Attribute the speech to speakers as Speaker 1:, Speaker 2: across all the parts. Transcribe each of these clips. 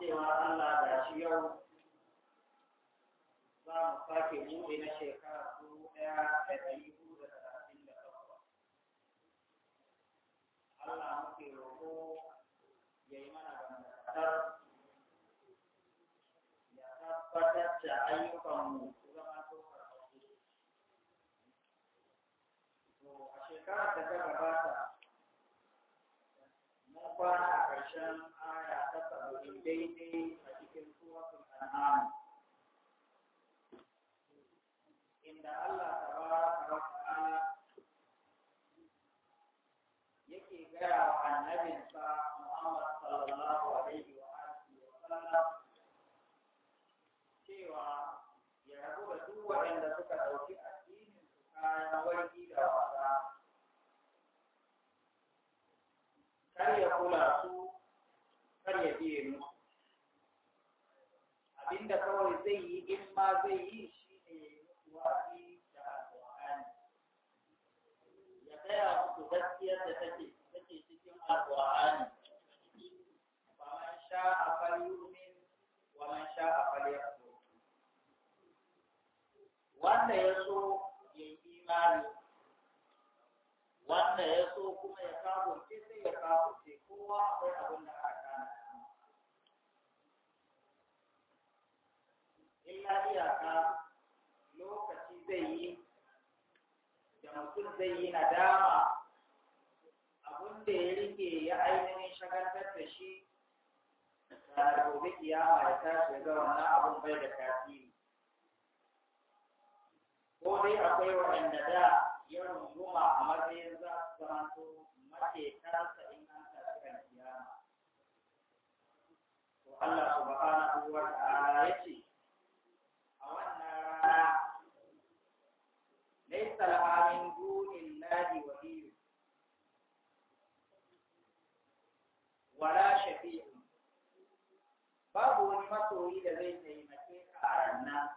Speaker 1: cewa Allah da shi yau za mu sake buɗe na shekara dubu ɗaya da ɗari huɗu da talatin da takwas. Allah muke roƙo ya yi mana gambatar ya tabbatar da ayyukanmu su zama to karɓaɓɓu. a shekarar da ta gabata mun kwana a ƙarshen aya ta saba'in daidai time zai yi nadama abun da ya rike ya ainihin shagantar da shi da gobe kiyama ya tashi ga wannan abun bai da tasiri ko dai akwai waɗanda da ya runguma a matsayin za su zamanto mace tarsa in an tafi kan kiyama to Allah subhanahu wa ta'ala ya ce wala shafi'u babu wani masoyi da zai taimake ka a ranar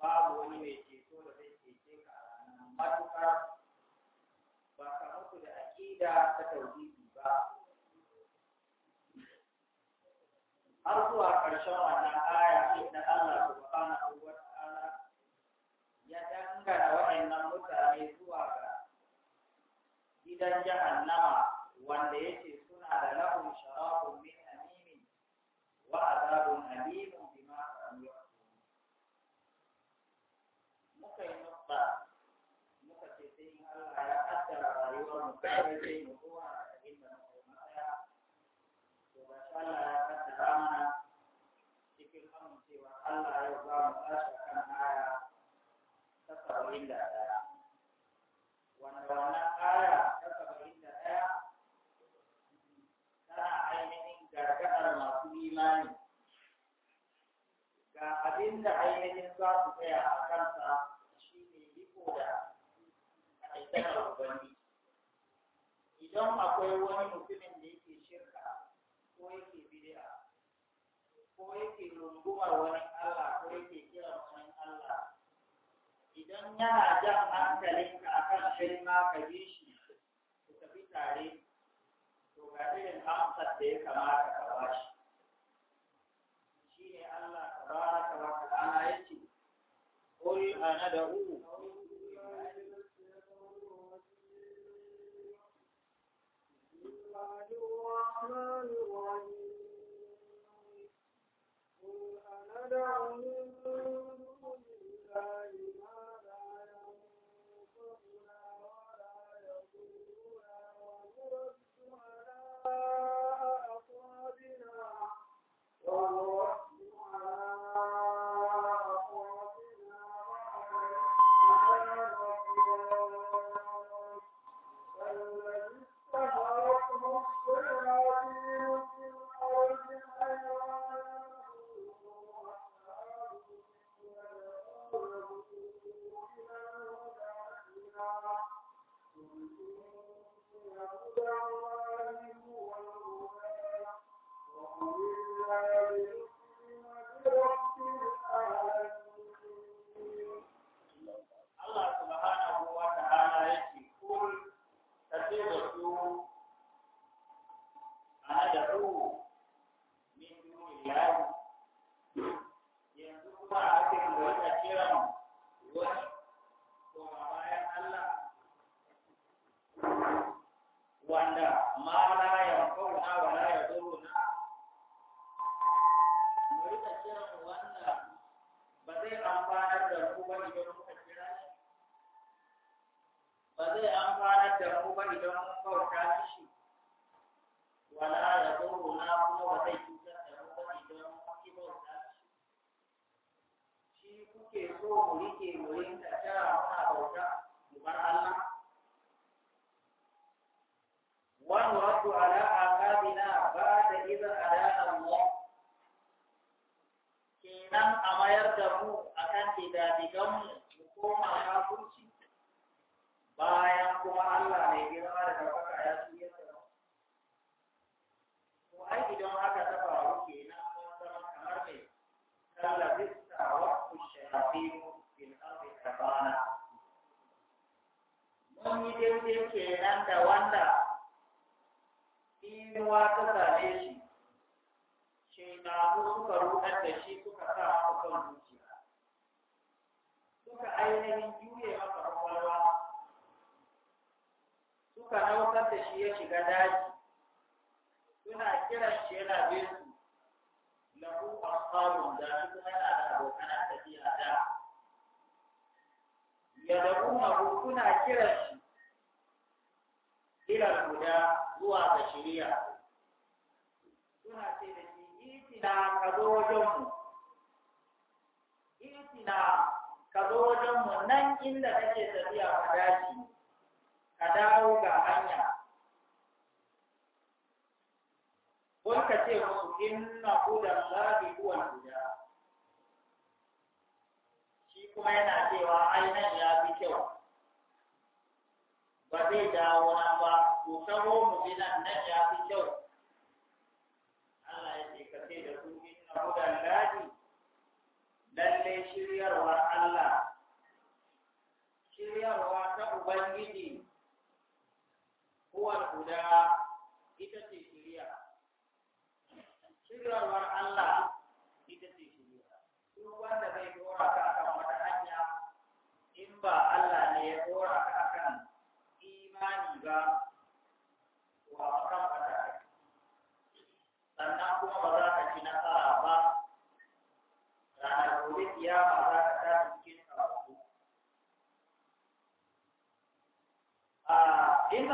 Speaker 1: babu wani mai ceto da zai cece ka a ranar matuƙar ba ka mutu da aƙida ta tauhidi ba har zuwa ƙarshen wannan aya na Allah subhanahu wa ta'ala ya dangana waɗannan mutane zuwa ga gidan jahannama wanda yake فهذا لهم شراب من أميم وعذاب أليم بما كانوا يعملون muka yi nutsa muka ce sai in Allah ya kaddara rayuwar mu kare sai mu zuwa a inda muka yi matsaya to ba sha Allah ya kaddara mana cikin amincewa Allah ya ba mu tashi kan aya ta saba'in da ɗaya idan akwai wani mutumin da yake shirka ko yake bid'a ko yake rungumar wani Allah ko yake kiran wani Allah idan yana jan hankalinka akan shirma ka bi shi ku tafi tare to ga irin amsar da ya kamata ka ba shi shi ne Allah tabaraka wa ta'ala yake قل أنا دعوه
Speaker 2: الرحمن الرحيم قل أندعو من
Speaker 1: na ka zo mu na ka zo wajenmu nan inda kake tafiya ka dace ka dawo ga hanya kun ka ce musu inna hudan lafi huwa guda. shi kuma yana cewa ai nan ya fi kyau ba zai dawo nan ba ko taho mu bi nan nan ya fi kyau shiryarwar Allah, shiryarwa ta Ubangiji, huwar guda ita ce shirya. Shiryarwar Allah ita ce shirya. Duk wanda bai dora ka akan wata hanya, in ba Allah ne ya dora ka akan imani ba,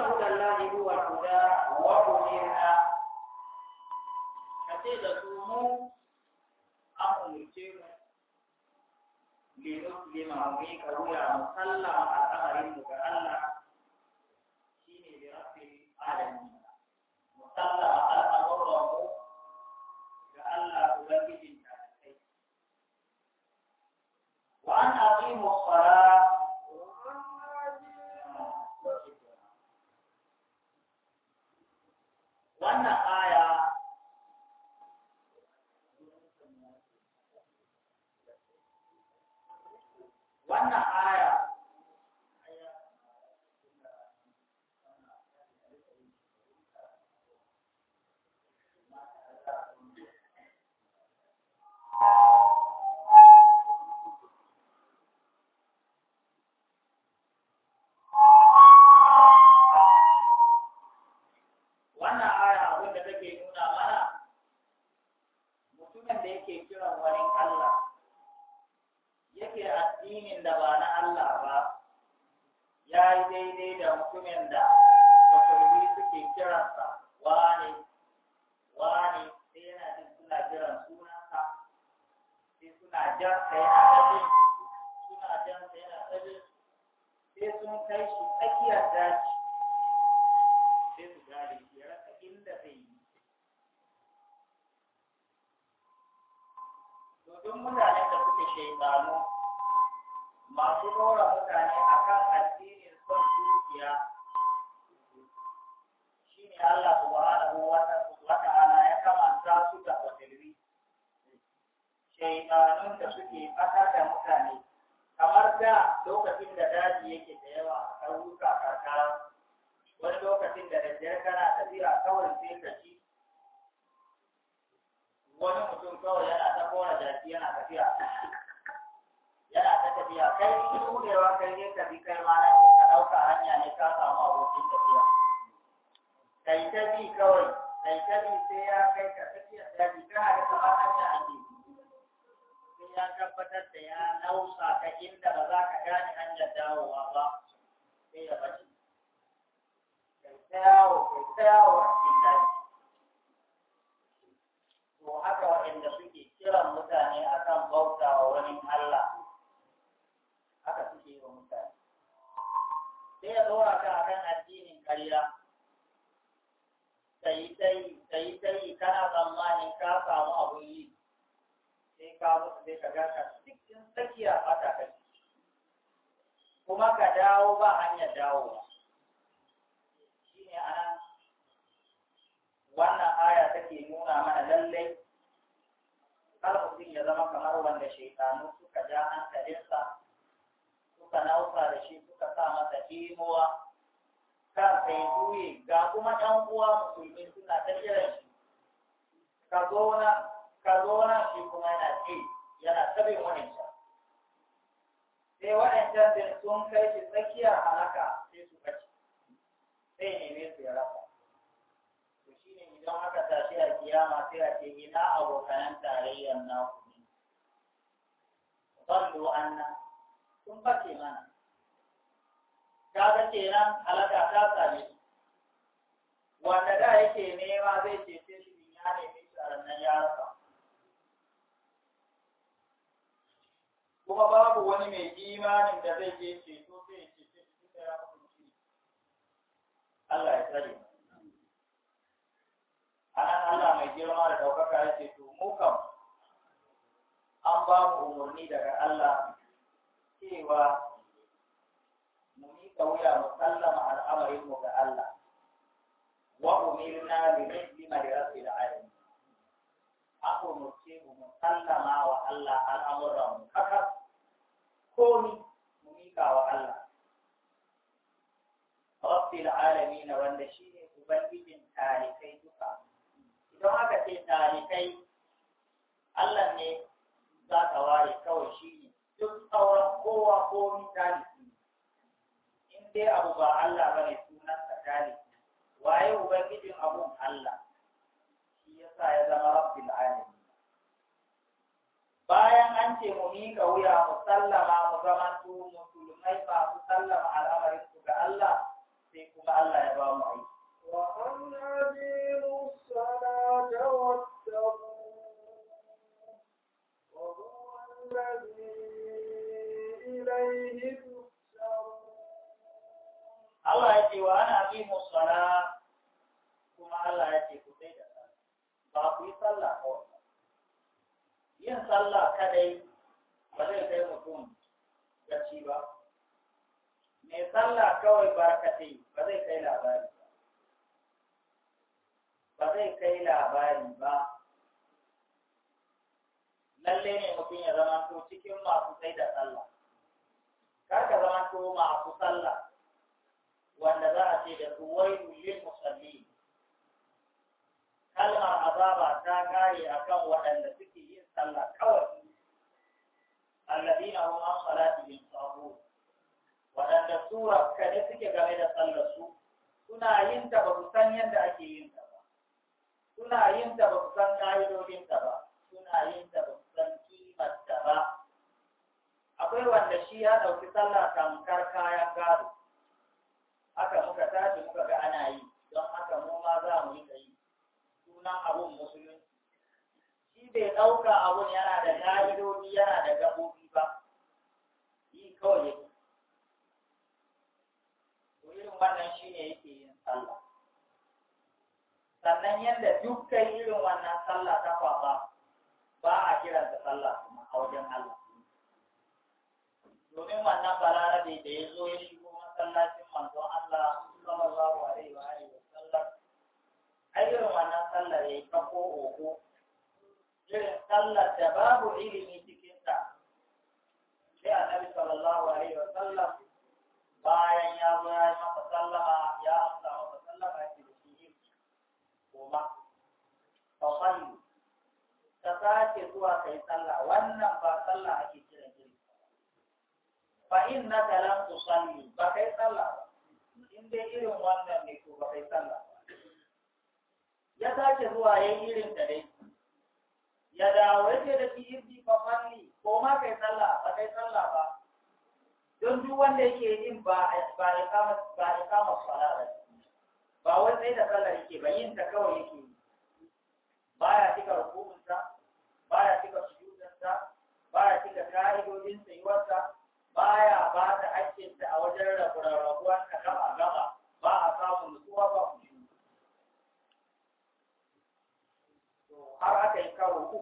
Speaker 1: هدى الله هو الهدى وأمرنا kace da su mu an umarce mu limuslima mu yi karuya Allah shine bi rabbil alamin musallam al'amarin Allah wannan aya wannan da suke kiran mutane akan bauta wa wani Allah haka suke yi wa mutane sai ya dora ka akan addinin ƙarya kai tai kana tsammani ka samu abun yi sai ka mutu sai ka gaka cikin tsakiya fata kai kuma ka dawo ba hanyar ne a nan. wannan aya take nuna mana lallai zama kamar wanda shekaru suka ja hankalinsa suka nausa da shi suka sa masa imuwa ka yi juye ga kuma ɗan uwa musulmi suna ta kiran shi ka zo na shi kuma yana ce yana ta bin wancan sai waɗancan din sun kai shi tsakiyar halaka sai su kaci sai neme su ya rasa to ne idan aka tashi a kiyama sai a ce ina abokanan tarayyar naku ballo anna sun face mana
Speaker 2: kaga kenan halaka ta same
Speaker 1: su wanda da yake nema zai cece shi in ya nemi shi a ranar ya rasa kuma babu wani mai imanin da zai je ceto sai ya cece shi duka ya shi. Allah ya tsare anan Allah mai girma da ɗaukaka ya ceto mu kam an ba mu umarni daga Allah cewa mu miƙa wuya mu sallama al'amarin mu ga Allah wa umirna bi muslima li rabbil alamin aka umarce mu mu sallama wa Allah al'amuran mu haka ko ni mu miƙa wa Allah rabbil alamin wanda shine ubangijin tarikai duka idan aka ce tarikai, Allah ne kowa komi taliki in dai abu ba Allah bane sunan sa taliki waye ubangijin abun Allah shi yasa ya zama rabbil alamin bayan an ce mu mika wuya mu sallama mu zama su musulmai ba su sallama al'amarin su ga Allah sai kuma Allah ya ba mu aiki
Speaker 2: عليه
Speaker 1: Allah ya ce wa ana bi musala kuma Allah ya ce ku sai da sallah ba ku yi sallah kawai yin sallah kadai ba zai kai mutum gaci ba mai sallah kawai barkatai ba zai kai labari ba zai kai labari ba lalle ne mutum ya zama to cikin masu sai da sallah kaka ka zama to ku sallah wanda za a ce da su wailu lil musallin kalmar azaba ta kare akan waɗanda suke yin sallah kawai alladina hum an salatihim sahun waɗanda su kada suke game da sallar su suna yin ta ba su san yadda ake yin ta ba suna yin ta ba su san ƙa'idodin ta ba suna yin ta ba su san kimar ta ba akwai wanda shi ya ɗauki sallah tamkar kayan gado haka muka tashi muka ga ana yi don haka mu ma za mu yi yi sunan abun musulunci shi bai ɗauka abun yana da ƙa'idodi yana da gaɓoɓi ba yi kawai yake irin wannan shi ne yake yin sallah sannan yadda dukkan irin wannan ko ogo irin sallar da babu ilimi cikinta sai annabi sallallahu alaihi wa sallam bayan ya zo ya yi masa sallama ya amsa masa sallama ya ce da shi koma fa sallu ka sake zuwa kai sallah wannan ba sallah ake kiran irin fa innaka lam tusalli ba kai sallah ba in dai irin wannan ne ko ba kai sallah ya sake zuwa ya yi irin da dai ya dawo ya ce da shi yirji famanni ko ma kai sallah ba kai sallah ba don duk wanda yake yin ba ba kama ba ikama sallah ba wai sai da sallah yake ba yin ta kawai yake ya cika rukunsa ya cika ba ya cika ka'idodin tsayuwarsa baya ba ta ta a wajen rabu rabuwar ta gaba gaba ba a samu nutsuwa ba har aka yi karo uku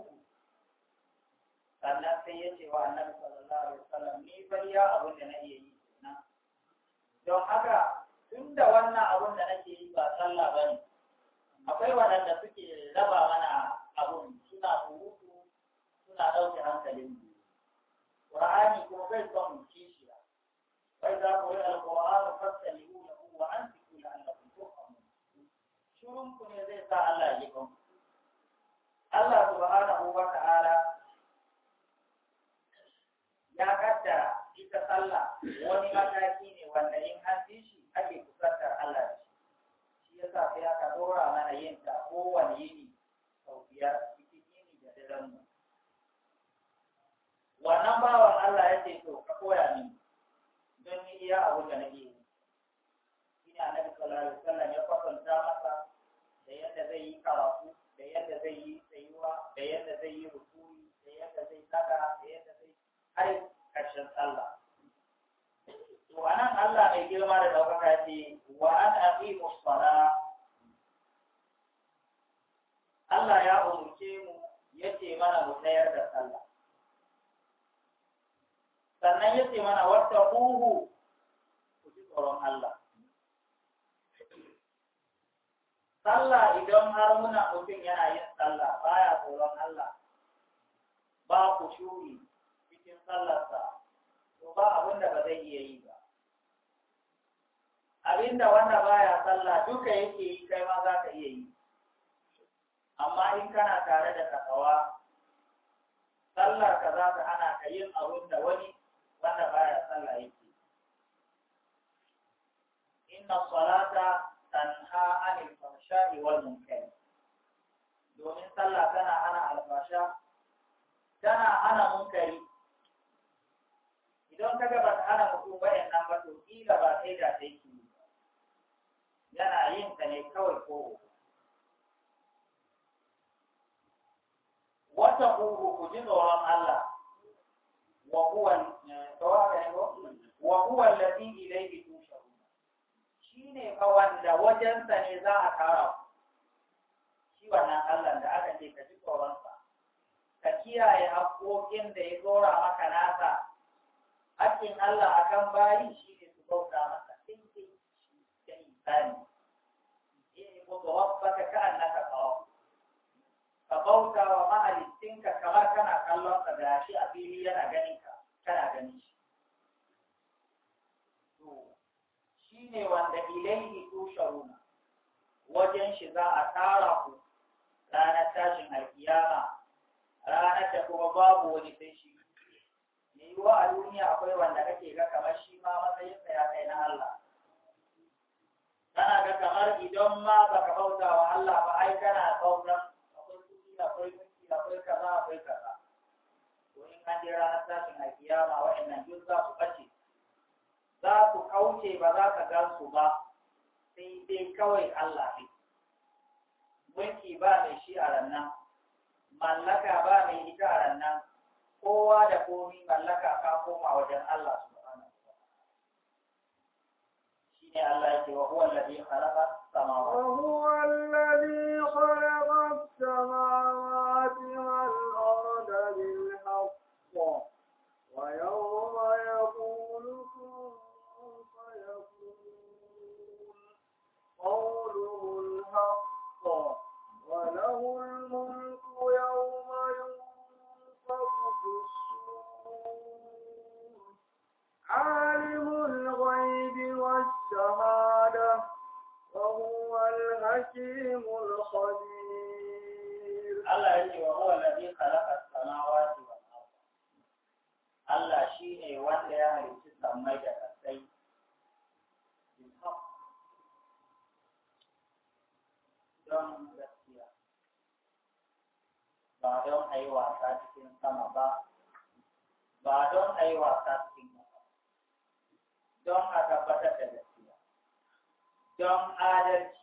Speaker 1: sannan sai ya ce wa annabi sallallahu alaihi wasallam ni fa iya abin da na iya yi na don haka tun da wannan abin da nake yi ba sallah bane akwai waɗanda suke raba mana abun suna surutu suna ɗauke hankalin mu Qur'ani kuma bai son kishiya bai za ku yi alƙur'ani fasali hu lahu wa antiku la'allakum turhamun shurun ku ne zai sa Allah ya kanku Allah wa huwa eh, tawaka wa huwa alladhi ilayhi tusharun shine wajen sa ne za a kara shi wannan Allah da aka ce ka ji wansa. ka kiyaye haƙoƙin da ya zora maka nasa
Speaker 2: hakkin Allah akan bayi
Speaker 1: shi ne su bauta masa tinkin shi da insani eh mutawaffaka ka annaka ka bauta wa mahalicinka kamar kana kallon ka da shi a fili yana ganin ka kana gani shi to ne wanda ilaihi tusharuna wajen shi za a tara ku ranar tashin alkiyama ranar da kuma babu wani sai shi mai yiwuwa a duniya akwai wanda kake ga kamar shi ma matsayinsa ya kai na Allah kana ga kamar idan ma baka bauta wa Allah ba ai kana bautan akwai gunki akwai kaza akwai kaza to in an je ranar tashin a kiyama wa'annan duk za su ɓace. za su kauce ba za ka gan su ba sai dai kawai Allah ne mulki ba mai shi a rannan mallaka ba mai ita a rannan kowa da komi mallaka ka koma wajen Allah subhanahu wa ta'ala shine Allah yake wa huwa alladhi khalaqa samawati wa
Speaker 2: huwa alladhi khalaqa السماوات والأرض بالحق ويوم يقول كن فيكون قوله الحق وله الملك يوم ينفق في الصور عالم الغيب والشهادة وهو الحكيم الخبير Allah ya ce wa huwa ladhi khalaqa as-samawati
Speaker 1: wal ardh Allah shi ne wanda ya halicci sammai da kasai don gaskiya
Speaker 2: ba don ayi
Speaker 1: wasa cikin sama ba ba don ayi wasa cikin ƙasa don a tabbatar da gaskiya don adalci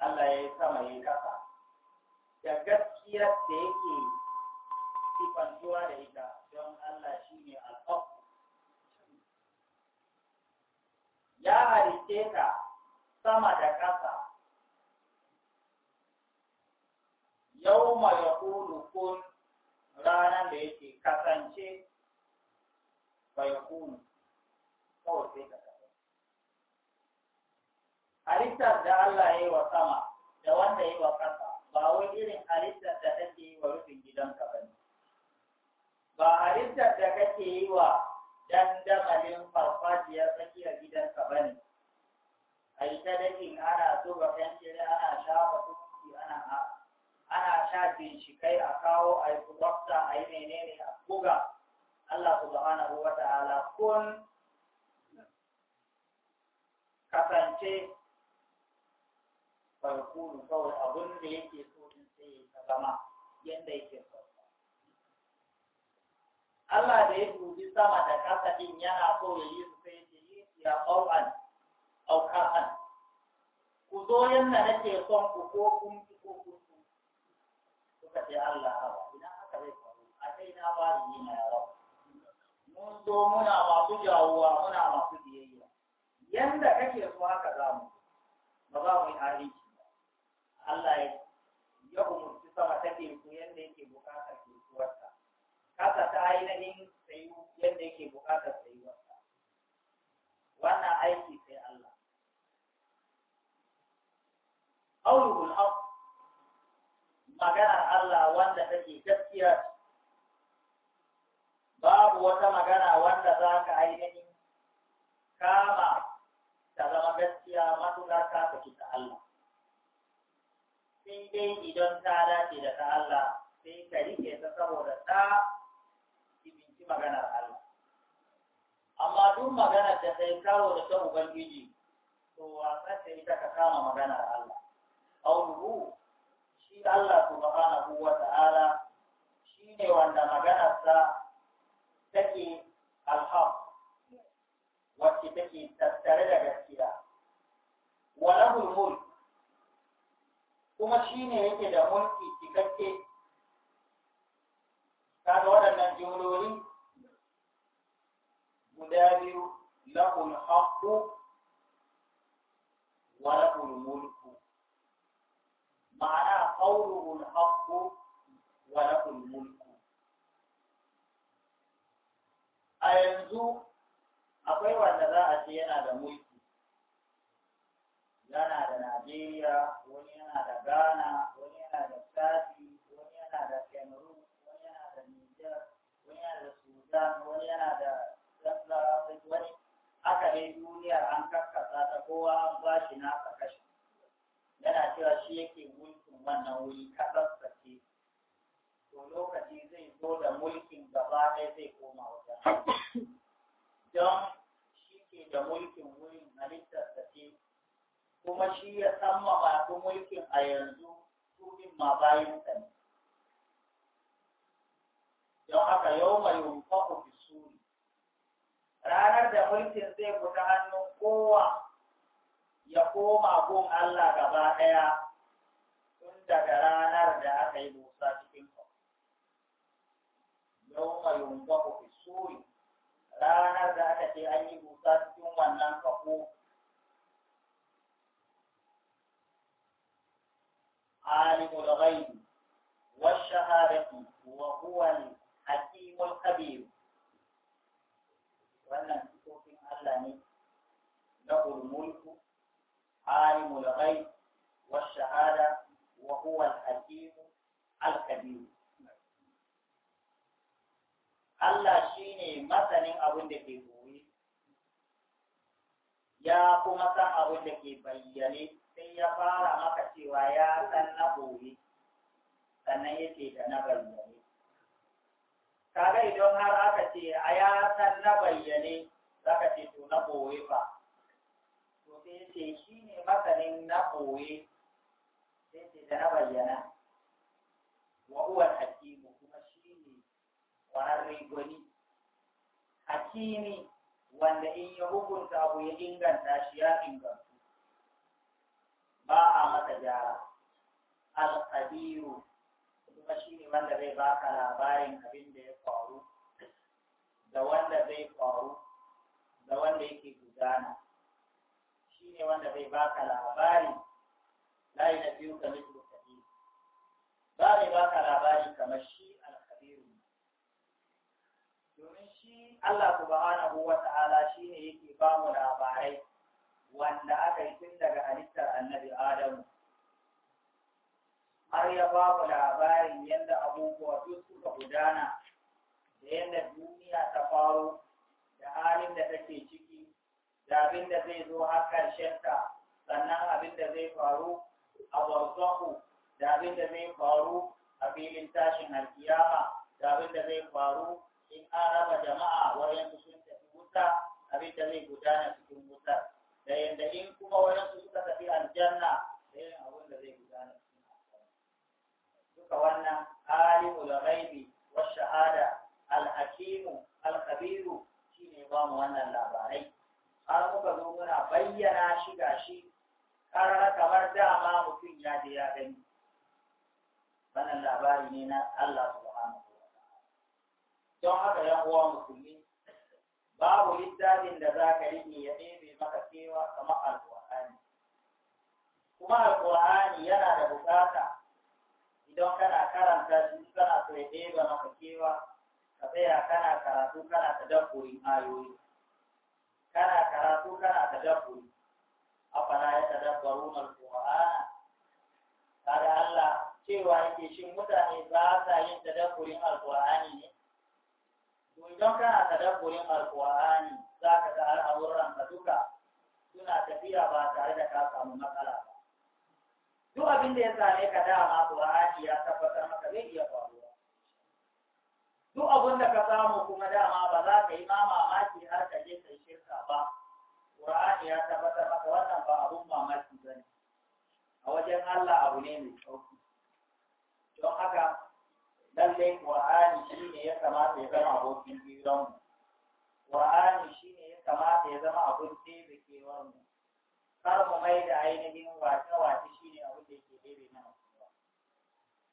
Speaker 1: Allah ya yi sama ya yi ƙasa da gaskiyar da yake sifantuwa da ita don Allah shi ne Ya halitte ka sama da ƙasa, yau ma ya kun ranar da yake kasance ba kunu, kawai sai ka kasance. Halittar da Allah ya yi wa sama da wanda ya yi wa ƙasa ba wai irin halittar da take yi wa rufin gidanka ba ne ba halittar da kake yi wa dandamalin farfajiyar tsakiyar gidanka ba ne a yi ta dakin ana zuba fentiri ana shafa kuki ana ana sha bincikai a kawo a yi kubakta a yi menene a buga Allah subhanahu wa ta'ala kun kasance farkulu kawai abin da yake so din sai ya ta zama yadda yake so Allah da ya dubi sama da ƙasa din yana so ya yi su sai ya yi ya ƙau'an aukar'an ku zo yadda nake son ku ko kun ki ko kun ku suka ce Allah hawa idan haka zai faru a kai na ba ni na yawa mun zo muna masu jawuwa muna masu biyayya yanda kake so haka za mu ba za mu yi aiki Allah ya umurci sama ta teku yadda yake bukatar tekuwarsa kasa ta ainihin sayu yadda yake bukatar sayuwarsa wannan aiki sai Allah qawluhul haqq maganar Allah wanda take gaskiya babu wata magana wanda za ka ainihin kama ta zama gaskiya matuƙa ta take Sai dai idan ta dace da ta Allah sai ka rike ta saboda ta ibinci maganar Allah amma duk maganar da sai kawo da ta ubangiji to wa ta ita ka kama maganar Allah auluhu shi Allah subhanahu wa ta'ala ne wanda maganarsa take alhaq wacce take tattare da gaskiya wa lahul mulk kuma shi ne yake da mulki cikakke kaga waɗannan jumloli guda biyu na haqqu wa na mulku ma'ana qawluhu al-haqqu wa na mulku a yanzu akwai wanda za a ce yana da mulki yana da Najeriya, wani yana da Ghana, wani yana da Sadi, wani yana da Cameroon, wani yana da Niger, wani yana da Sudan, wani yana da Central wani aka dai duniyar an karkasa ta kowa an ba shi nasa kashi. Yana cewa shi yake mulkin wannan wuri kasar sake. To lokaci zai zo da mulkin gaba ɗaya kuma shi ya san mabatun mulkin a yanzu su ma bayan sa ne don haka yau mai yunfaku fi suri ranar da mulkin zai fita hannun kowa ya koma gun Allah gaba ɗaya
Speaker 2: tun daga ranar da aka yi
Speaker 1: musa cikin ku yau mai yunfaku fi suri ranar da aka ce an yi musa cikin wannan kafofi. عالم الغيب والشهادة وهو الحكيم الخبير wannan Allah ne na shahada wa shine masanin abin da ke goye ya kuma san abin da ke bayyane ya fara maka cewa ya san na ɓoye sannan yake da na bayyane kaga idan har aka ce a ya san na bayyane za ka ce to na ɓoye fa to sai ce shi ne masanin na ɓoye sai ce da na bayyana wa uwar hakimu kuma shi ne kwararre gwani hakimi wanda in ya hukunta abu ya inganta shi ya inganta ba a masa gyara alƙadiru kuma shi ne wanda zai baka labarin abin da ya faru da wanda zai faru da wanda yake gudana shi ne wanda zai baka labari layi na biyu ga mutu kabiru ba zai baka labari kamar shi ne. domin shi Allah subhanahu wa ta'ala shi ne yake ba mu labarai wanda aka yi tun daga halitta annabi Adamu. Har ya ba ku labarin yadda abubuwa duk suka gudana da yadda duniya ta faru da halin da take ciki da abin da zai zo har ƙarshenta sannan abin da zai faru a barzahu da abin da zai faru a filin tashin alkiyama da abin da zai faru in an raba jama'a wajen sun tafi wuta abin da zai gudana cikin wutar. da yadda in kuma wayansu suka tafi aljanna da yin abin da zai gudana duka wannan alimul ghaibi wash shahada al-hakimu al-khabiru shine ba mu wannan labarai har muka zo muna bayyana shi shi karara kamar dama mutum ya je ya gani wannan labari ne na Allah subhanahu wa ta'ala don haka yan uwa musulmi babu littafin da zaka rike ya maka cewa kama alƙur'ani kuma alƙur'ani yana da bukata idan kana karanta shi kana so ya ɗeba maka cewa ka tsaya kana karatu kana ta tadabburi ayoyi kana karatu kana ta tadabburi afala ya tadabbaruna alqur'ana kaga Allah cewa yake shin mutane ba sa yin ta tadabburin alqur'ani ne to idan kana ta tadabburin alqur'ani za ka ga al'amuran ka duka suna tafiya ba tare da ka samu matsala ba. Duk abin da ya same ka dama Qur'ani ya tabbatar maka zai iya faruwa. Duk abin da ka samu kuma dama ba za ka yi ma mamaki har ka je kai shirka ba. Qur'ani ya tabbatar maka wannan ba abun mamaki ba ne. A wajen Allah abu ne mai sauki. Don haka lallai Qur'ani shi ne ya kamata ya zama abokin mu. Qur'ani shine ya kamata ya zama abun ɗebe kewar mu kar mu mai da ainihin wace-wace shine abin da ke ɗebe mana kewa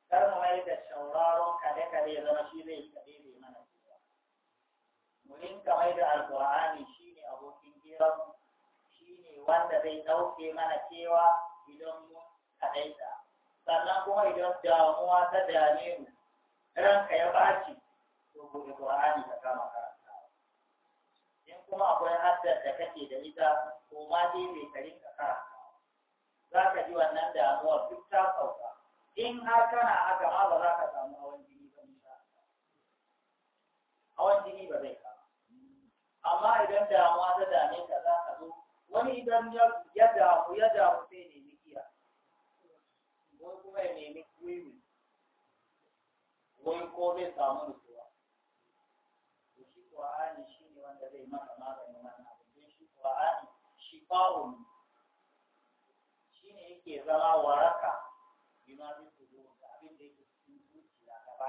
Speaker 1: kar mu mai da shauraron kade-kade ya zama shi zai ɗebe mana kewa mu rinka mai da alƙur'ani shine abokin hirar mu shine wanda zai dauke mana kewa idan mu kaɗaita sannan kuma idan damuwa ta dame mu ranka ya ɓaci to gobe qurani ta kama ka kuma akwai haddar da kake da ita ko ma dai mai karin ka karanta za ka ji wannan damuwar duk ta sauka in har kana haka ma ba za ka samu hawan jini ba hawan jini ba zai kama
Speaker 2: amma idan damuwa ta dame
Speaker 1: ka za ka zo wani idan ya damu ya damu sai ne mikiya wani kuma ya nemi wiwi wani ko zai samu mutuwa shi yi maka maganin wannan shi shi ne yake zama waraka bima bi sudur abin da yake cikin zuciya gaba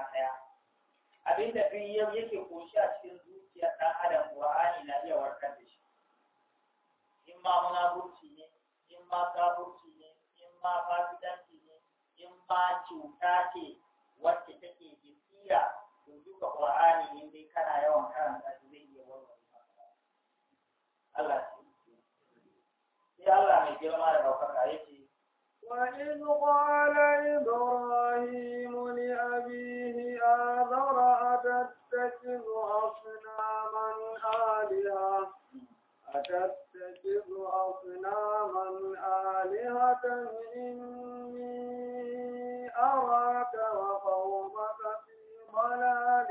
Speaker 1: abin da koshi a cikin zuciya dan adam Qur'ani na iya warkar da shi in ma munafurci ne in ma kafurci ne in ma fasidanci ne in ma cuta ce wacce take jisiya to duka Qur'ani ne dai kana yawan karanta
Speaker 2: إذ قال إبراهيم لأبيه آذر أتتخذ أصناما آلهة أتتخذ أصناما آلهة إني أراك وقومك في ضلال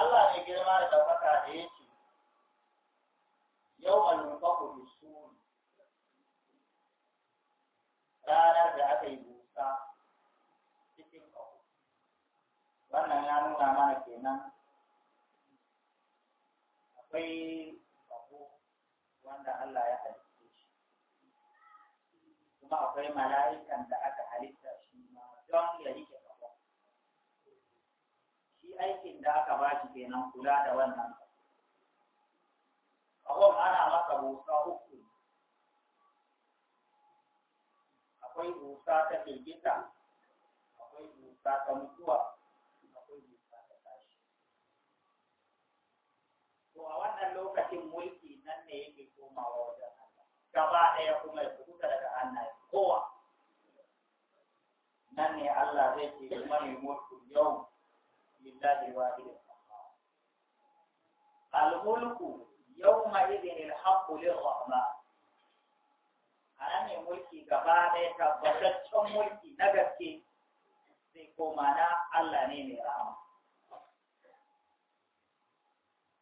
Speaker 1: الله ne girma da ɗaukaka ranar da aka yi boka cikin ƙafu
Speaker 2: wannan ya nuna mana
Speaker 1: kenan akwai ƙafu wanda Allah ya halitta shi kuma akwai mala'ikan da aka halitta shi ma don ya rike ƙafu shi aikin da aka ba shi kenan kula da wannan ƙafu ana masa busa uku akwai dusa ta firgita akwai dusa ta mutuwa akwai dusa ta tashi to a wannan lokacin mulki nan ne yake komawa wajen Allah gaba ɗaya kuma ya fita daga hannaye kowa nan ne Allah zai ce kuma mai mulku yau lillahi wahidin al-mulku yawma idhin al-haqqu lir-rahman a mulki gaba ɗaya tabbataccen mulki na gaske sai koma na Allah ne mai rahama.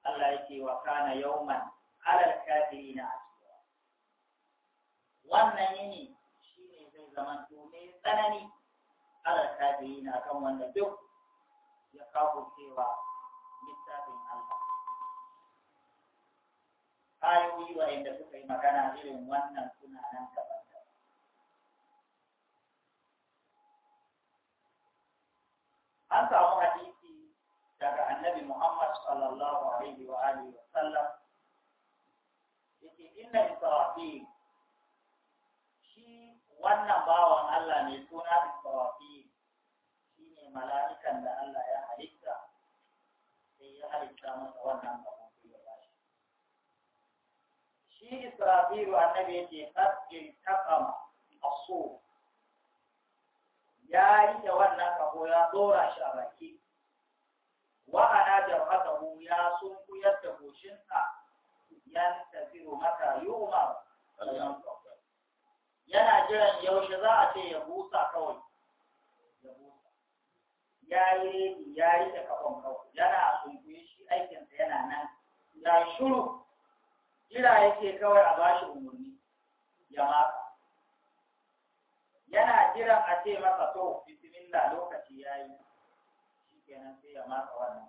Speaker 1: Allah yake wa kana yauman alal kafiri na asira. Wannan yini shi ne zai zama to tsanani alal kafiri na kan wanda duk ya kawo cewa ayoyi waɗanda suka yi magana irin wannan suna nan daban an samu hadisi daga annabi Muhammad sallallahu alaihi wa alihi wa sallam yake inna israfil shi wannan bawan Allah ne suna israfil shine mala'ikan da Allah ya halitta sai ya halitta masa wannan shi israfilu annabi ce kaskin takam aso
Speaker 2: ya yi da wannan kaho ya tsora shi a
Speaker 1: baki wa ana jama'atahu ya sunkuyar da goshinsa yan tafiru mata yuma yana jiran yaushe za a ce ya busa kawai ya yi ya ya yi da kafan kawai yana sunkuye shi aikinsa yana nan ya shuru kira yake kawai a bashi umarni ya maka yana jiran a ce masa to bismillah lokaci ya yi shi kenan sai ya maka wannan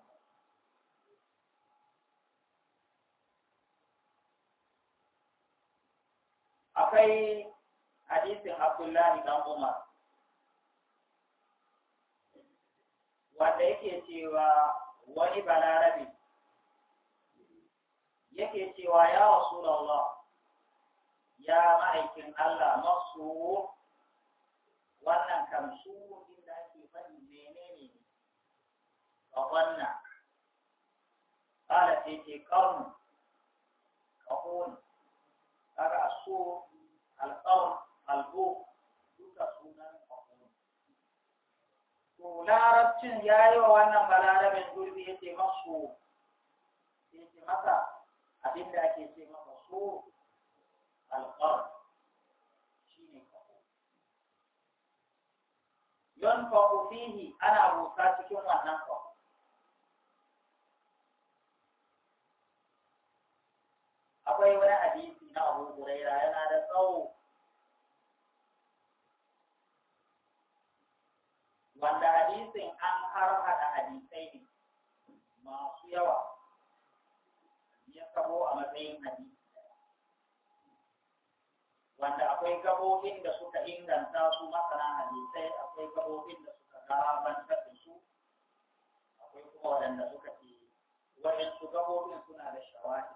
Speaker 1: akwai hadisin abdullahi dan umar wanda yake cewa wani balarabe yake cewa ya rasulullah ya ma'aikin Allah masu wannan kamsu inda ake faɗi menene ne a wannan ƙala sai ce ƙarnu ƙahon ƙara a so alƙawar albo duka sunan ƙahon to larabcin ya yi wa wannan balarabin gurbi ya ce masu ya ce masa abin da ake ce maka so alƙar shi ne kaho yon fahu fihi ana rusa cikin wannan kaho akwai wani hadisi na abu huraira yana da tsawo wanda hadisin an har hada hadisai ne masu yawa kabo a matsayin hadi wanda akwai gabobin da suka inganta su masana hadisai akwai gabobin da suka gabantar da su akwai kuma waɗanda suka ce su gabobin suna da shawari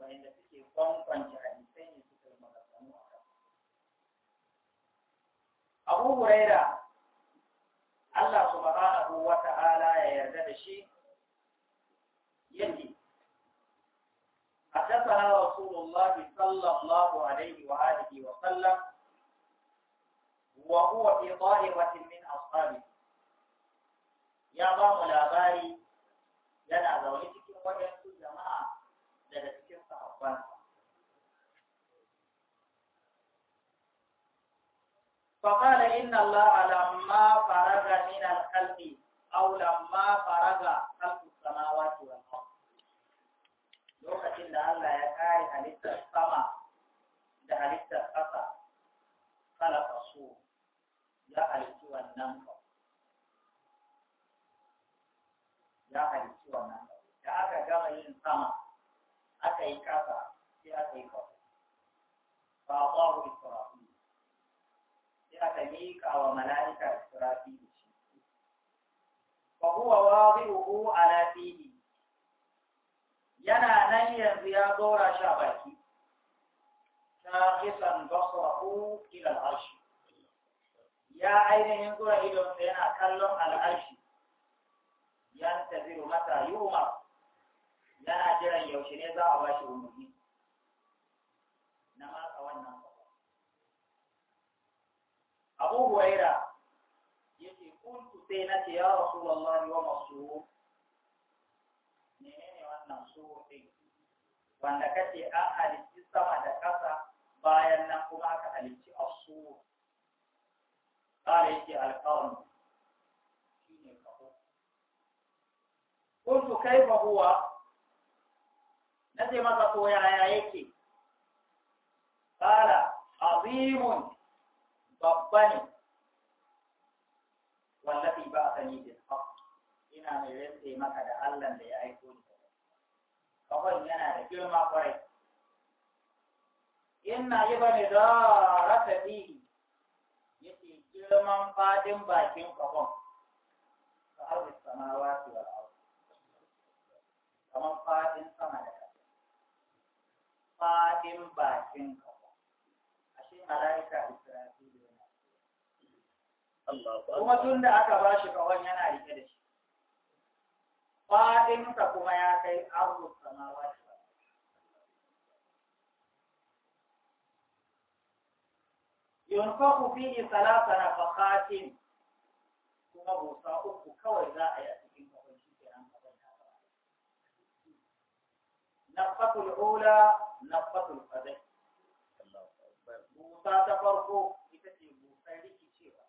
Speaker 1: wanda suke kwankwanci hadisai ne suka yi maganganu a kan abu huraira Allah subhanahu wa ta'ala ya yarda da shi يدي حدثها رسول الله صلى الله عليه وآله وسلم وهو في طائرة من أصحابه يا بام الأباري
Speaker 3: لنا زوجتك
Speaker 1: وجدت جماعة لدتك صحبانها فقال إن الله لما فرغ من الخلق أو لما فرغ خلق السماوات والأرض لوكتين ده الله يكاري هلسة القمى ده هلسة القطى خلق الصور يا هلسوى النمط يا هلسوى النمط جاءك جغل القمى أتي كفى في أتي كفى فأضاه إسرائيل في أتي ميكا وملائكة إسرائيل وهو واضعه على فيه yana nan yanzu ya dora sha baki ta kisan basarahu ila al'arshi ya ainihin dora idonsa yana kallon al'arshi yan taziru mata yuma yana jiran yaushe ne za a bashi umarni na matsa wannan abu huwaira yake kuntu sai na ce ya rasulullahi wa masu makhluqin wanda kace a halicci sama da ƙasa bayan nan kuma aka halicci asur kare yake alƙawarin shine kaho kuntu kaifa huwa nace masa to yaya yake kala azimun babba ne ba a sani da ina mai rantse maka da Allah da ya aiko ni kafan yana da girma kwarai Ina yi ba inna ibn darasa fihi yake girman fadin bakin kafan ka da samawa su wal ardh Kamar fadin sama da kasa, fadin bakin kafan ashe malaika Isra'ila yana kuma tun da aka ba shi kafan yana rike da shi faɗinsa kuma ya kai arzu samawa yunfaku fihi salasa nafaqatin kuma busa uku kawai za a yi a cikin kafin shi kenan kafin Na fara nafaqatul ula nafaqatul qadai busa ta farko ita ce busar rikicewa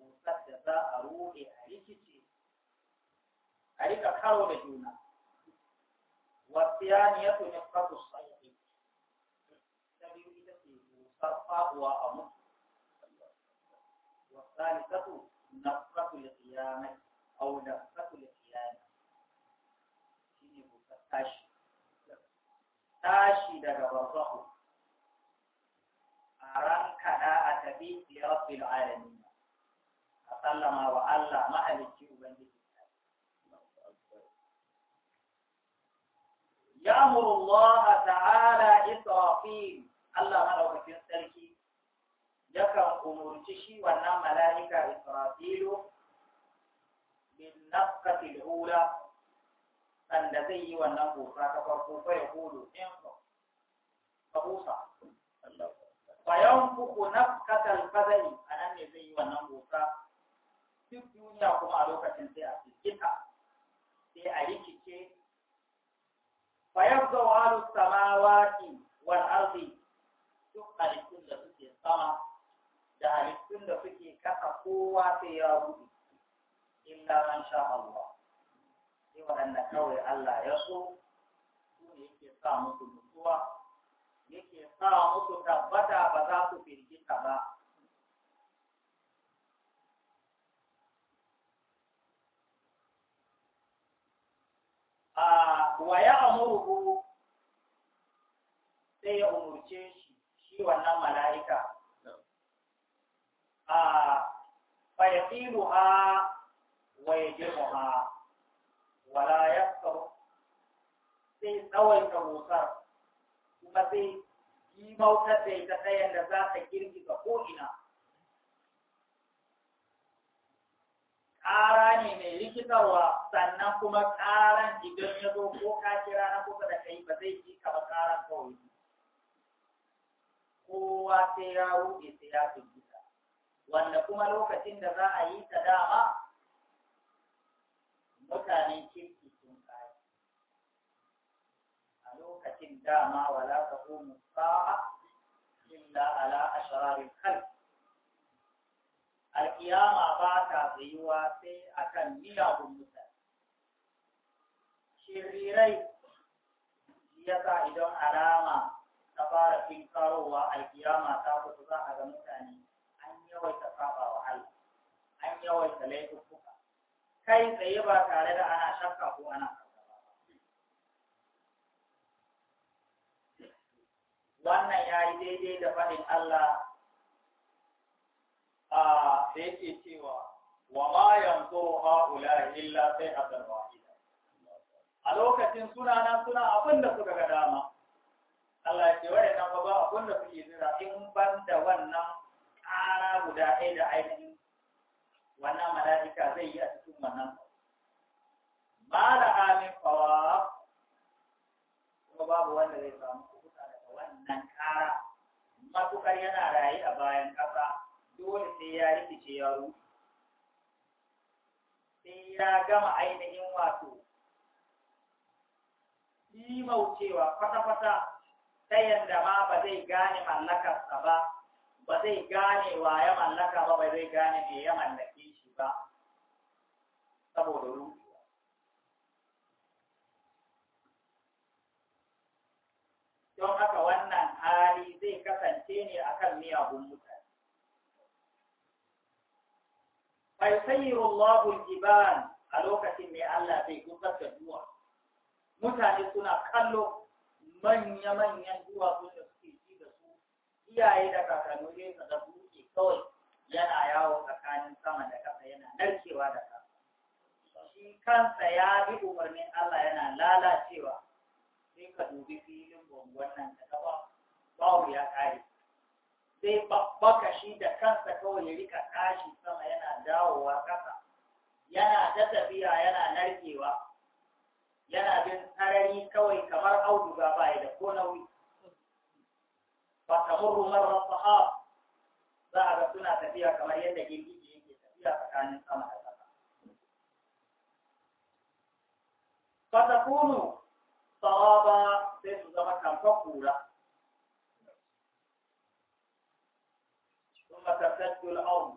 Speaker 1: busar da za a ruɗe a عليك حول جونا والثانية نفقة الصيد تبيو إذا فيه مصرفة وأمر والثالثة نفقة القيامة أو نفقة القيامة تاشي تاشي دقى برزخ أعران كناء تبيت لرب العالمين أصلى ما وعلى ما أبيت بندي ya ta'ala mọ́ àtàárà ìtọ̀ fi aláwọ̀ ọ̀rọ̀kì ọ̀sẹ́lẹ̀kì ya ka n kò mọ̀rọ̀ tí sí wà náà màláríkà ìtọ̀rọ̀ sí ló bí náà kàtì lóra ọ̀nà tí bayan kúkú náà kàtà lè fà sẹ́yìn ọ̀nà mi tí yí wà náà kò fà tí kúrú ní a yí kíkẹ́ فيبدأ أهل السماوات والأرض duk halittun da suke sama da halittun da suke kasa kowa sai ya buɗe illa man sha sai waɗanda kawai Allah ya so su ne yake sa musu mutuwa yake sa musu tabbata ya'muruhu sai ya umurce shi shi wannan mala'ika a fa yaqimuha wa ha. wala yaqtaru sai tsawon ta musar kuma sai yi bautar da ita tsayar da za ta girgiza ko ina ƙara ne mai rikitarwa sannan kuma ƙaran idan ya zo ko ka kira na kusa da kai ba zai ji ka ba ƙaran kawai kowa sai ya ruɗe sai ya tuntuta, wanda kuma lokacin da za a yi ta dama
Speaker 2: mutane
Speaker 1: kirki sun ƙari a lokacin dama wala ta ƙomu sa'a illa ala asharar kalfi. alƙiyama ba ta tsayuwa sai a kan miyagun mutane. Shirirai ya sa idan alama ta fara tinkarowa alƙiyama ta fito za a ga mutane an yawaita saba wa Allah, an yawaita laifuka. Kai tsaye ba tare da ana shakka ko ana Wannan ya yi daidai da faɗin Allah a da yake cewa wa ma yanzuru haula illa sai hadan wahida a lokacin suna nan suna abin da suka ga dama Allah ya ce wayannan fa ba abin da suke jira in ban da wannan ƙara guda ɗaya da ainihin wannan mala'ika zai yi a cikin wannan ma da amin fawa kuma babu wanda zai samu kuɗa daga wannan ƙara matukar yana raye a bayan dole sai ya rikice ya sai ya gama ainihin wato limaucewa kwata-kwata ta yadda ma ba zai gane mallakarsa ba ba zai gane wa ya mallaka ba ba zai gane me ya mallake shi ba saboda rushewa don haka wannan hali zai kasance ne akan miyagun mutane mai yusayyiru Allahu jibal a lokacin ne Allah zai gutsar da duwa mutane suna kallo manya manyan duwa da suke ji da su iyaye da kakanni ne da buke kawai yana yawo tsakanin sama da kasa yana narkewa da kasa
Speaker 3: shi kansa ya bi
Speaker 1: umarnin Allah yana lalacewa sai ka dubi filin gongon nan da gaba babu ya kare sai babbaka shi da kansa kawai ya rika tashi sama yana dawowa kasa yana ta tafiya yana narkewa yana bin sarari kawai kamar auduga baya da ko nauyi ba murru marar saha za a ga suna tafiya kamar yadda girgije yake tafiya tsakanin sama da kunu fatakunu ba sai su zama kamfan kura فتسد الأرض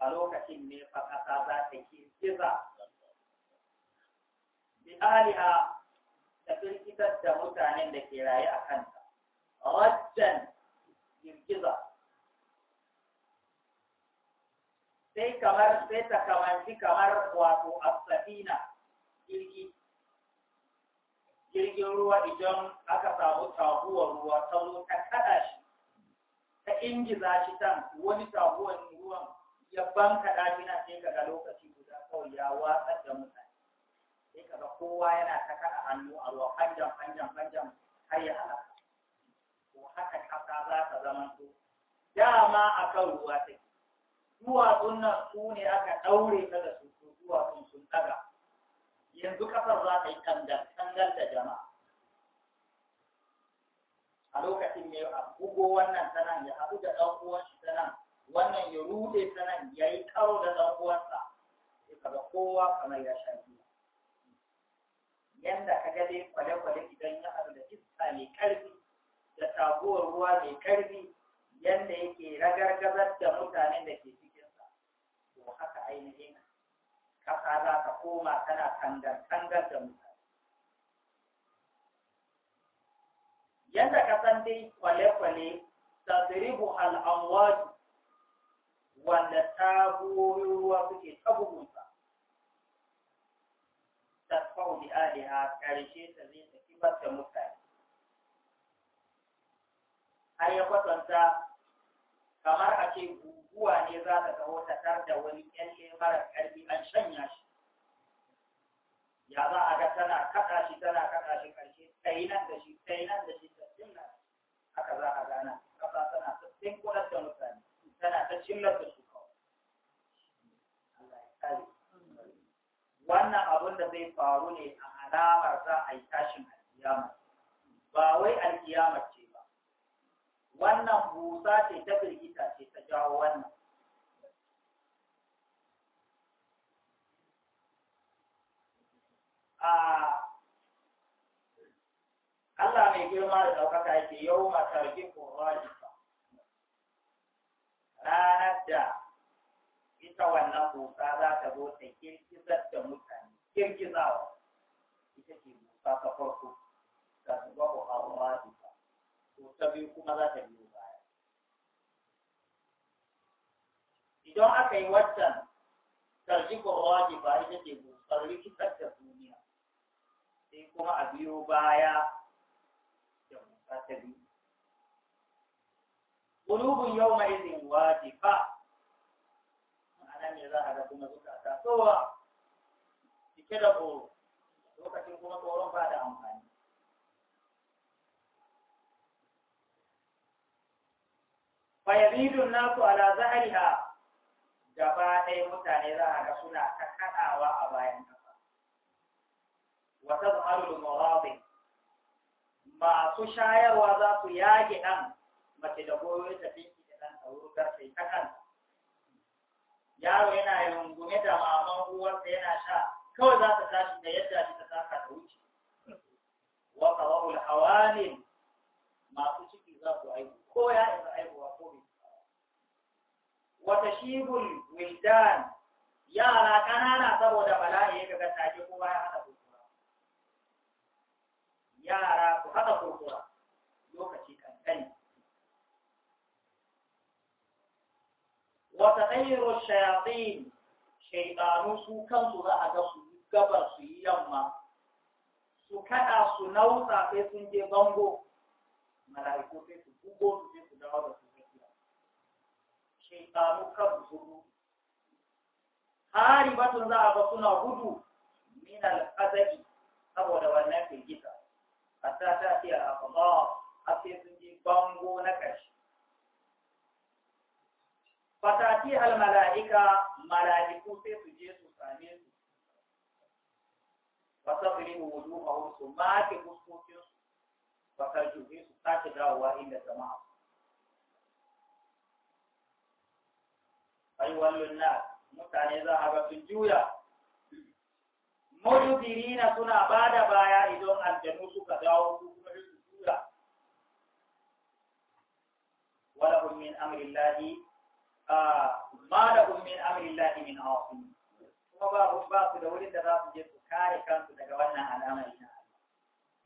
Speaker 1: a lokacin ne fa ƙasa za ta ke kiza bi aliha da firgitar da mutanen da ke raye a kanta rajjan girgiza sai kamar sai ta kamanci kamar wato asafina jirgi jirgin ruwa idan aka samu taguwar ruwa ta zo ta kada shi ka ingiza shi tan wani sabuwar ruwan ya banka ɗaki na sai kaga lokaci guda kawai ya watsar da mutane sai kaga kowa yana ta kada hannu a ruwa hanjan hanjan hanjan har ya halaka ko haka ƙasa za ta zama to dama a kan ruwa take duwatsun nan su ne aka ɗaure ta da su duwatsun sun ɗaga yanzu kasar za ta yi kangal kangal da jama'a a lokacin ne a bugo wannan sanan ya haɗu da ɗan uwan shi sanan wannan ya rude sanan ya yi karo da ɗan uwansa kaga kowa kamar ya shafi yanda ka ga dai kwale-kwale idan ya haɗu da iska mai karfi da taguwar ruwa mai karfi yanda yake ragargazar da mutanen da ke sa to haka ainihin kasa za ka koma tana tangar-tangar da mutane Yanda ka san dai kwale-kwale tadribu zirihu amwat wanda taburin ruwa suke tabugunsa tasfau bi aliha karshe ta zai ta kibar da mutane har ya kwatanta kamar a ce guguwa ne za ta kawo ta tar da wani yanke mara karfi an shanya shi ya za a ga tana kaɗa shi tana kaɗa shi karshe tsayi nan da shi tsayi nan da shi haka za a gana ƙasa tana ta tsinkurar da mutane tana ta cillar da su kawai wannan abin da zai faru ne a alamar za a yi tashin alkiyama ba wai alkiyamar ce ba wannan busa ce ta birgita ce ta jawo wannan a ah, Allah mai girma da ɗaukaka yake yau matarkin ba. ranar da ita wannan kusa za ta zo ta kirkizar da mutane, kirkizawa, ita ce kusa ta farko, ta zuba ƙorajinsa, ko ta biyu kuma za ta biyu baya. Idan aka yi waccan, tarjikon ba ita ce kusa rikizar da duniya, sai kuma a biyo baya كتبي قلوب يومئذ واجفة أنا إذا هذا كم زكاة سوى كده بول لو كان كم تورم بعد أمان فيزيد الناس على ظهرها جفاة متعنى إذا هذا سنة كحاوى أبايا وتظهر المراضي masu shayarwa za su yage ɗan mace da goyo ta tinki da ɗan ɗaurukar sai ta kan yaro yana rungume da maman uwarsa yana sha kawai za ta tashi da yadda shi ta saka ta wuce wa qawul hawanin masu ciki za su aiki. ko ya isa aihuwa ko bai wa tashibul wildan yara ƙanana saboda bala'i ya ga take kuma ya haɗa yara ku haɗa kurkura lokaci kankani wata ɗayyar shayatin shaiɗanu su kansu za a ga su gabar su yi yamma su kaɗa su nausa sai sun je bango mala'iku sai su bugo su sai su dawo da su tafiya Shaiɗanu kan su gudu hari batun za a ga suna gudu min al saboda wannan firgita hatta ta ce a kuma a sai sun ji bango na ƙarshe fatati al mala'ika mala'iku sai su je su same su fasafiri wudu a wurin su make fuskokin su fasar juhi su sake dawowa inda jama'a ai wallon na mutane za a ga sun juya
Speaker 2: mujibirina suna ba da
Speaker 1: baya idan aljanu suka dawo su kuma su tura wala hum min amri llahi ma da hum min amri llahi min asim kuma ba ba su da wurin da za su je su kare kansu daga wannan al'amari na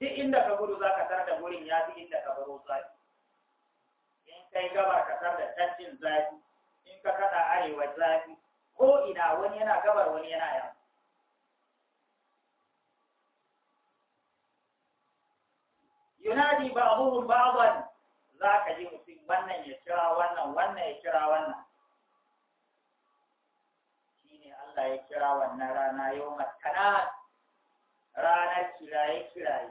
Speaker 1: duk inda ka gudu zaka tar da gurin ya fi inda ka baro zafi in kai gabar ka tar da tantin zafi in ka kada arewa zafi ko ina wani yana gabar wani yana yamma yunadi ba'dhum ba'dhan za ka ji mutum wannan ya kira wannan wannan ya kira wannan shine Allah ya kira wannan rana yawmat kanan ranar kiraye kiraye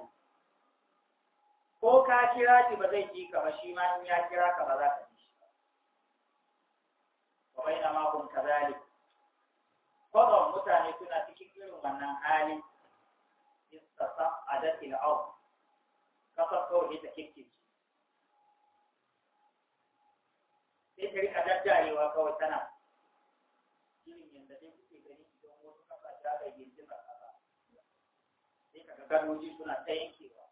Speaker 1: ko ka kira shi ba zai ji ka ba shi ma in ya kira ka ba za ka ji shi ba wa bayna ma kun kadhalik kodon mutane suna cikin irin wannan hali istasafadat al-ard kafar kawai ta kinkinci sai ta rika daddarewa kawai tana irin yadda dai kuke gani idan wasu kafa ta ga gindin a kafa sai ka ga gadoji suna ta yankewa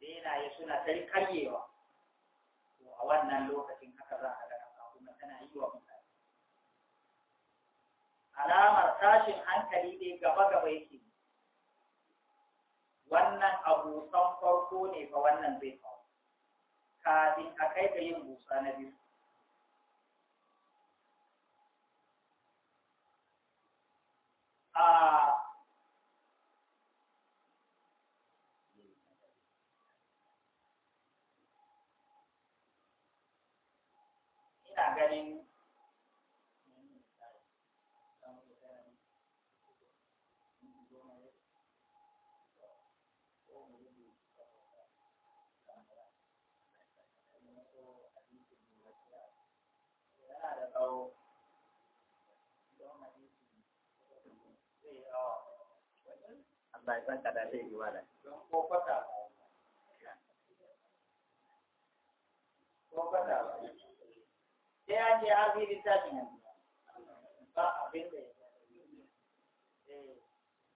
Speaker 1: benaye suna ta karyewa to a wannan lokacin haka za a ga kafa kuma tana yi wa mutane alamar tashin hankali dai gaba gaba yake wannan abu busan farko ne fa wannan bai faru kafin a kai ga yin busa na biyu a ina ganin Allah ya saka da alheri wala ko fata ko fata sai ake je an yi littafin nan ba abin da eh,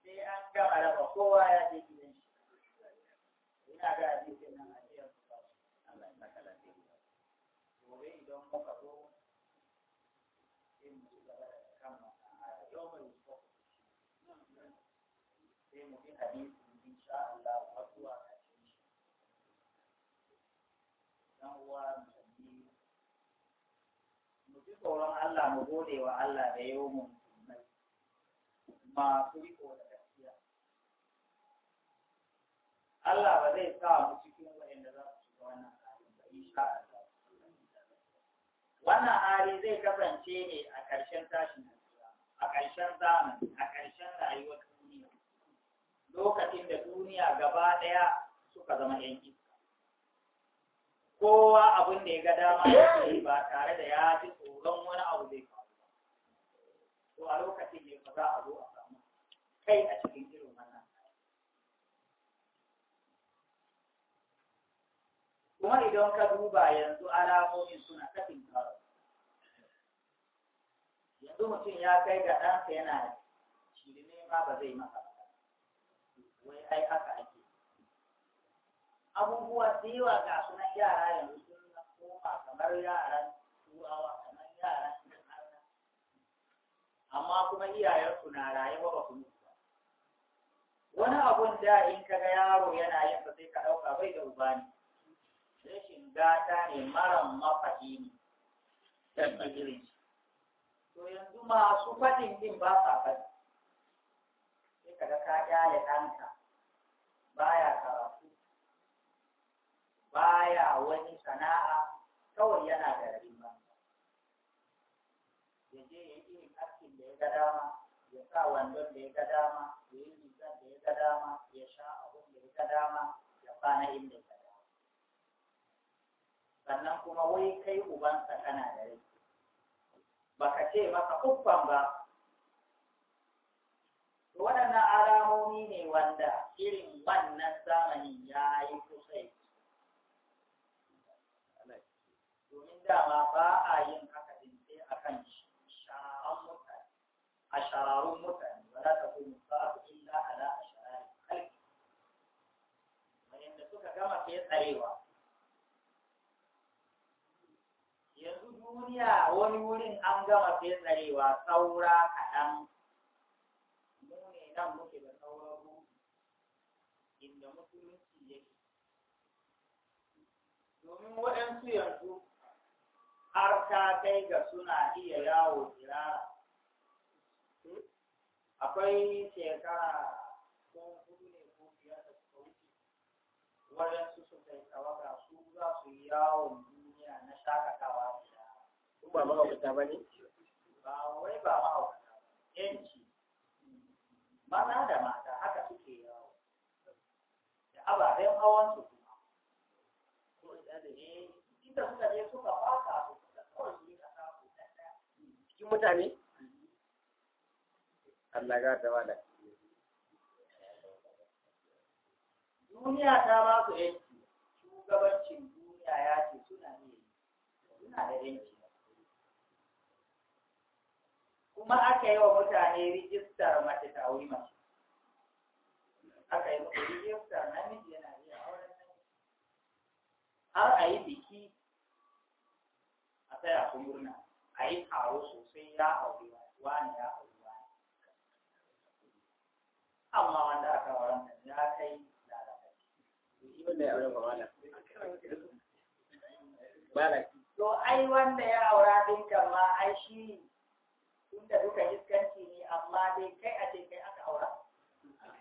Speaker 1: sai an gama raba kowa ya je gidan shi ina ga nan a Allah ya gobe idan muka zo hadisi insha Allah wasu a cikin shi dan uwa musulmi mu ji tsoron Allah mu gode wa Allah da yau mun sunai masu riko da gaskiya Allah ba zai sa mu cikin waɗanda za su shiga wannan halin ba insha Allah wannan hali zai kasance ne a ƙarshen tashin a ƙarshen zamani a ƙarshen rayuwar lokacin da duniya gaba ɗaya suka zama ‘yan iska. Kowa abin da ya ga dama ya yi ba tare da ya ji tsoron wani abu zai faru ba. To a lokacin ne ba za a zo a samu kai a cikin irin wannan. Kuma idan ka duba yanzu alamomin suna kafin karo. Yanzu mutum ya kai ga ɗansa yana shirme ma ba zai masa. ba. wai ai haka ake abubuwa da yawa ga sunan yara yanzu sun koma kamar yaran turawa kamar yaran amma kuma iyayensu na rayuwa ba su mutu ba wani abun da in kaga yaro yana yin sa sai ka ɗauka bai da uba ne rashin gata ne maran mafaɗi ne da irin shi to yanzu masu faɗin din ba sa faɗi sai kaga ka ƙyale ɗanka baya karatu baya wani sana'a kawai yana da riba ya je ya yi da ya ga dama ya sa wandon da ya ga dama ya yi rigar da ya ga dama ya sha abun da ya ga dama ya kwana inda ya ga dama sannan kuma wai kai ubansa kana da rai baka ce masa uffan ba waɗannan alamomi ne wanda irin wannan zamani ya yi kusai domin dama ba a yin haka din sai a kan shararun mutane a shararun mutane ba za ta kuma sa'adu illa ala a shararun halki wanda suka gama sai tsarewa yanzu duniya wani wurin an gama sai tsarewa saura kaɗan waɗansu yanzu har ta kai ga suna iya yawo kirara akwai shekara ko hudu ne ko biyar da suka wuce waɗansu suka yi tawaga su za su yi yawon duniya na shakatawa ba mahaukata ba ne? ba wai ba mahaukata yanci maza da mata haka suke yawo da ababen hawan su inda mutane suka fasa su da kawai su yi kasa cikin mutane Allah ga ta wala
Speaker 2: duniya ta ba
Speaker 1: su yanci shugabancin duniya ya ce suna ne suna da yanki. kuma aka yi wa mutane rijistar mace ta wuri mace aka yi wa rijistar namiji yana iya auren namiji har a yi biki a tsaya ku murna a yi taro sosai ya wa ne ya aure ne, amma wanda aka waranta ya kai lalata to ai wanda ya aura din kan ma ai shi inda duka iskanci ne amma dai kai a ce kai aka aura wai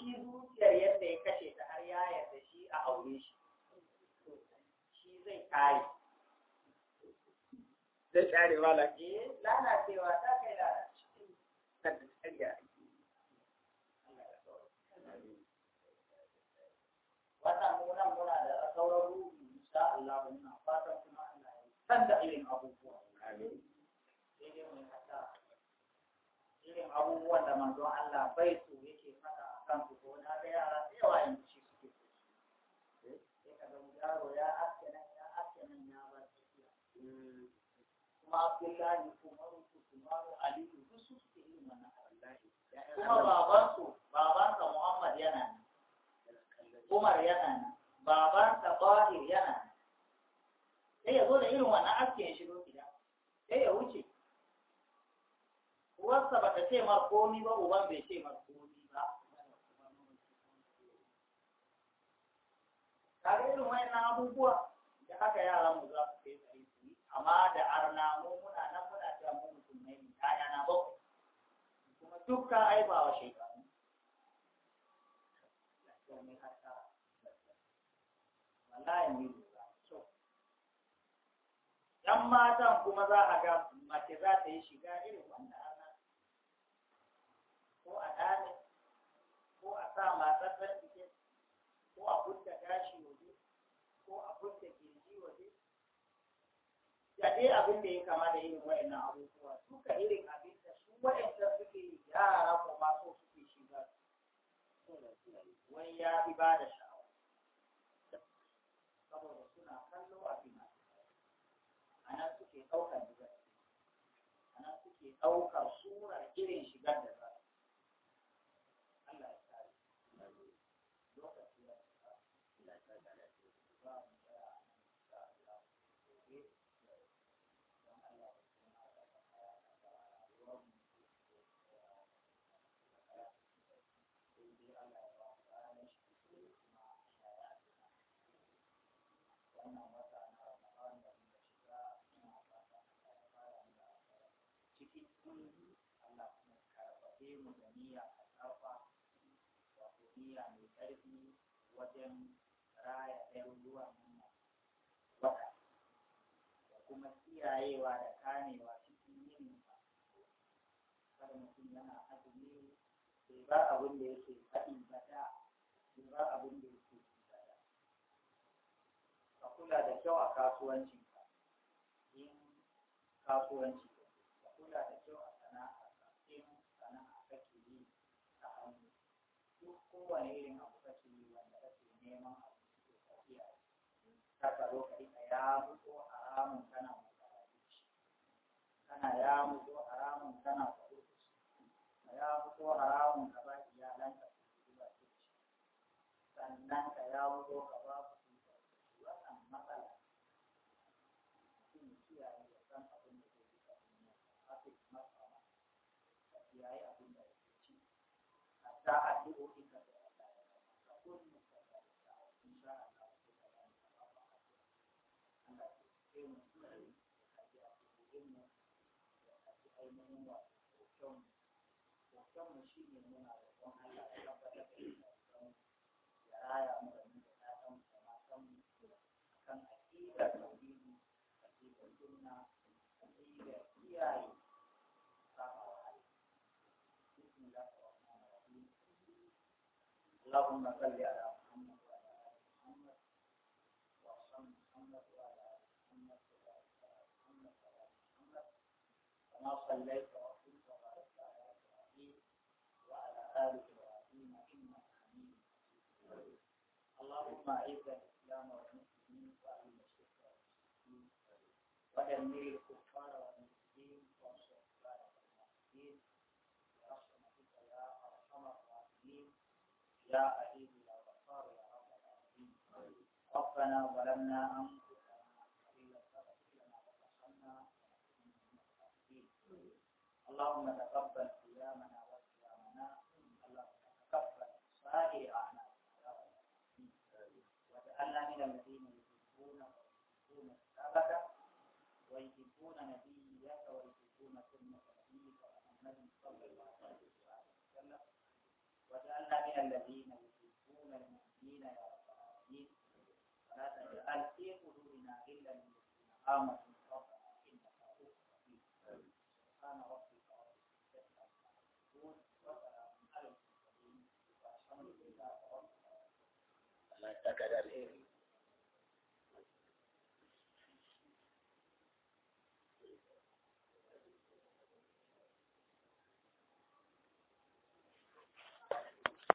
Speaker 1: shi zuciyar yadda ya kashe ta har ya yarda shi a aure shi kare zai kare ma lafiya eh, lalacewa ta kai munan muna da sauran ruhu insha Allah muna fatan kuma Allah ya san da irin abubuwa irin abubuwan da manzon Allah bai so yake faɗa akan su ko na ga yara da yawa in ci suke eh, ya kuma abdullahi umaru usmanu duk su suke yin wannan kuma babansu babansa muhammad yana nan umar yana nan bahir yana nan sai ya zo da irin wannan askin shi gida sai ya wuce uwarsa ba ta ce ma komi ba uban bai ce ma komi ba kaga irin wayannan abubuwa da haka yaran mu za su amma da arna mu muna nan muna cewa mu musulmai ne kaya na bakwai kuma dukkan aibawa shekaru wallahi ne ‘Yan matan kuma za a ga mace za ta yi shiga irin wanda ana ko a dane ko a sa matsatsen cikin ko a kudu
Speaker 2: kaɗai abin da ya kama da irin wa'annan
Speaker 1: abubuwa suka irin abin da su wa'annan suke yara ko ma so suke shiga wani ya fi ba da sha'awa saboda suna kallo a fina a nan suke ɗaukar diga a nan suke ɗaukar surar irin shigar da za ƙarfi wajen raya ɗaruruwan wata da kuma kiyayewa da kamewa cikin yin kada mutum yana azumi bai ba abin da yake faɗi ba da bai ba abin da yake ba da ka kula da kyau a kasuwancinka yin kasuwanci ka kula da kyau a sana'a in sana'a kake yi a hannu duk kowane irin ka fito a ramin kana kana ya fito a ramin kana faɗo ya fito a ramin ka ba iyalanka sannan ka ya fito ka ba su wannan matsala sun kiyaye da san abin da ke duka duniya a fi matsala ka kiyaye abin da ke ci hatta a ainihin wa kyau mu shi ne muna roƙon Allah ya tabbatar da kyau ya raya da mu da mu da matan mu akan aƙidar tauhidi iyaye اللهم صل على كما صليت وصلت وباركت على ابراهيم وعلى ال ابراهيم انك حميد مجيد اللهم اعز الاسلام والمسلمين واهل الشرك والمشركين ودمر الكفار والمسلمين وانصر عبادك الموحدين برحمتك يا ارحم الراحمين يا عزيز يا غفار يا رب العالمين ربنا ظلمنا انفسنا اللهم تقبل صيامنا وصيامنا اللهم تقبل سائر اعمالنا واجعلنا من الذين يحبون ويحبون كتابك ويحبون نبيك ويحبون سنة نبيك محمد صلى الله عليه وسلم واجعلنا من الذين يحبون المؤمنين يا رب العالمين ولا تجعل في قلوبنا غلا للذين امنوا Gracias.